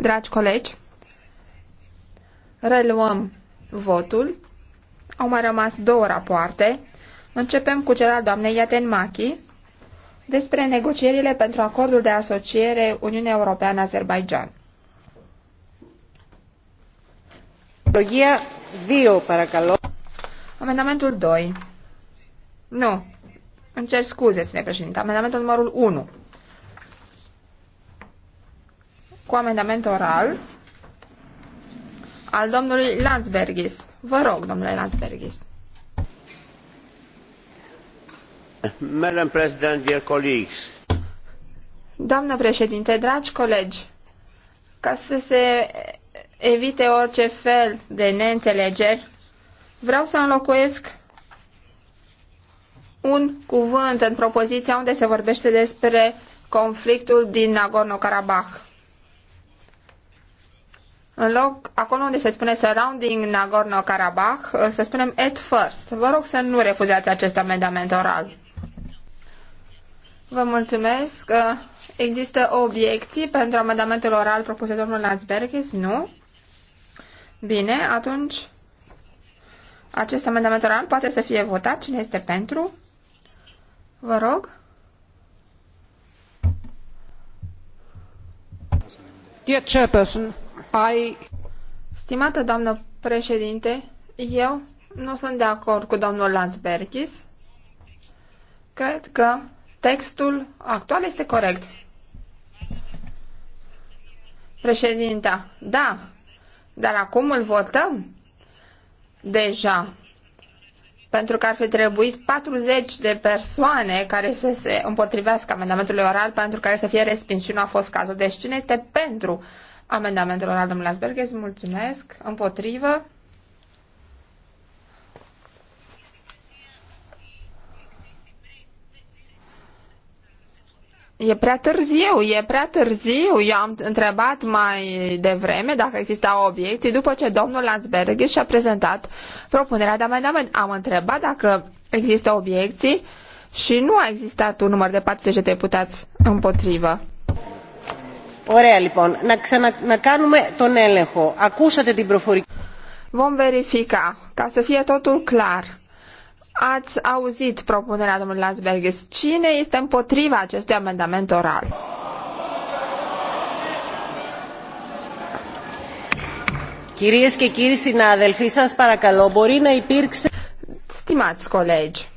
Dragi colegi, reluăm votul. Au mai rămas două rapoarte. Începem cu cel al doamnei Iatenmachi despre negocierile pentru acordul de asociere Uniunea Europeană-Azerbaidjan. Logia Amendamentul 2. Nu. Îmi cer scuze, spune președinte. Amendamentul numărul 1. cu amendament oral al domnului Landsbergis. Vă rog, domnule Landsbergis. Madam President, dear colleagues. Doamnă președinte, dragi colegi, ca să se evite orice fel de neînțelegeri, vreau să înlocuiesc un cuvânt în propoziția unde se vorbește despre conflictul din Nagorno-Karabakh. În loc, acolo unde se spune surrounding Nagorno-Karabakh, uh, să spunem at first. Vă rog să nu refuzați acest amendament oral. Vă mulțumesc. Uh, există obiecții pentru amendamentul oral propus de domnul Landsbergis? Nu? Bine, atunci acest amendament oral poate să fie votat. Cine este pentru? Vă rog. Dear Chairperson, ai, Stimată doamnă președinte, eu nu sunt de acord cu domnul Landsbergis. Cred că textul actual este corect. Președinta, da, dar acum îl votăm deja. Pentru că ar fi trebuit 40 de persoane care să se împotrivească amendamentului oral pentru care să fie respins și nu a fost cazul. Deci cine este pentru Amendamentul oral domnul Asberges, mulțumesc. Împotrivă. E prea târziu, e prea târziu. Eu am întrebat mai devreme dacă exista obiecții după ce domnul Landsberg și-a prezentat propunerea de amendament. Am întrebat dacă există obiecții și nu a existat un număr de 40 de deputați împotrivă. Ωραία λοιπόν. Να, ξανα... τον έλεγχο. Ακούσατε την προφορική. Vom verifica, ca să fie totul clar. Ați auzit propunerea domnului Lansbergis. Cine este împotriva acestui amendament oral? Κυρίες και κύριοι συνάδελφοι, σας παρακαλώ, μπορεί να υπήρξε... Stimați colegi,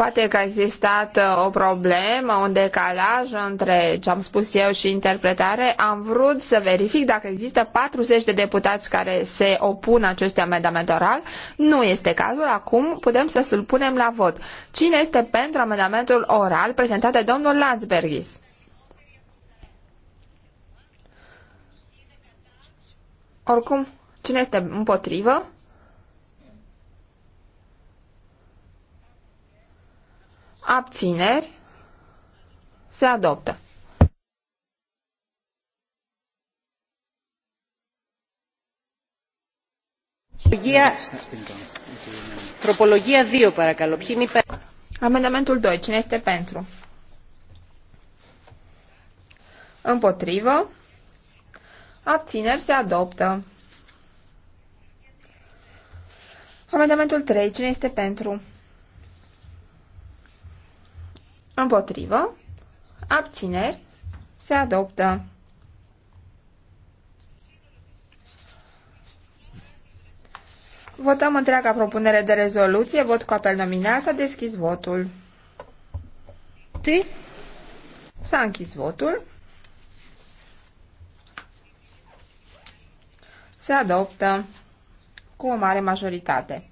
Poate că a existat uh, o problemă, un decalaj între ce am spus eu și interpretare. Am vrut să verific dacă există 40 de deputați care se opun acestui amendament oral. Nu este cazul. Acum putem să îl punem la vot. Cine este pentru amendamentul oral prezentat de domnul Landsbergis? Oricum, cine este împotrivă? abțineri, se adoptă. Τροπολογία 2 paracalo. Ποιοι Amendamentul 2. Cine este pentru? Împotrivă. Abțineri se adoptă. Amendamentul 3. Cine este pentru? Împotrivă. Abțineri. Se adoptă. Votăm întreaga propunere de rezoluție. Vot cu apel nominal. S-a deschis votul. S-a închis votul. Se adoptă cu o mare majoritate.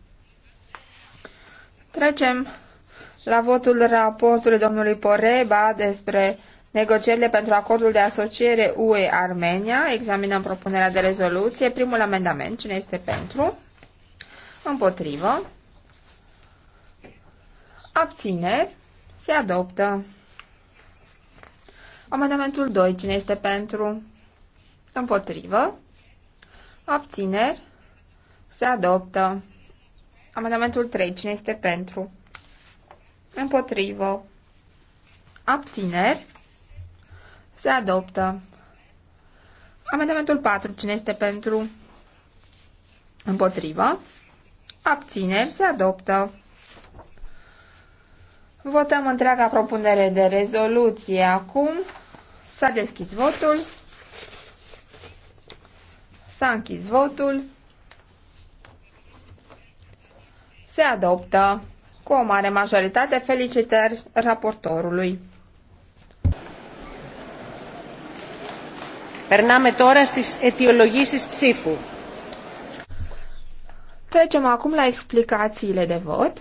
Trecem la votul raportului domnului Poreba despre negocierile pentru acordul de asociere UE-Armenia. Examinăm propunerea de rezoluție. Primul amendament. Cine este pentru? Împotrivă. Abțineri. Se adoptă. Amendamentul 2. Cine este pentru? Împotrivă. Abțineri. Se adoptă. Amendamentul 3. Cine este pentru? Împotrivă. Abțineri. Se adoptă. Amendamentul 4. Cine este pentru? Împotrivă. Abțineri. Se adoptă. Votăm întreaga propunere de rezoluție acum. S-a deschis votul. S-a închis votul. Se adoptă cu o mare majoritate. Felicitări raportorului. Περνάμε τώρα στις αιτιολογήσεις ψήφου. Trecem acum la explicațiile de vot.